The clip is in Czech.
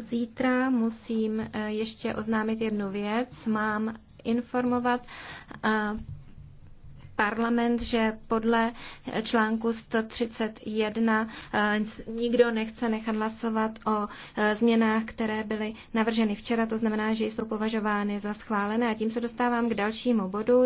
Zítra musím eh, ještě oznámit jednu věc. Mám informovat eh, parlament, že podle článku 131 eh, nikdo nechce nechat hlasovat o změnách, které byly navrženy včera, to znamená, že jsou považovány za schválené. A tím se dostávám k dalšímu bodu.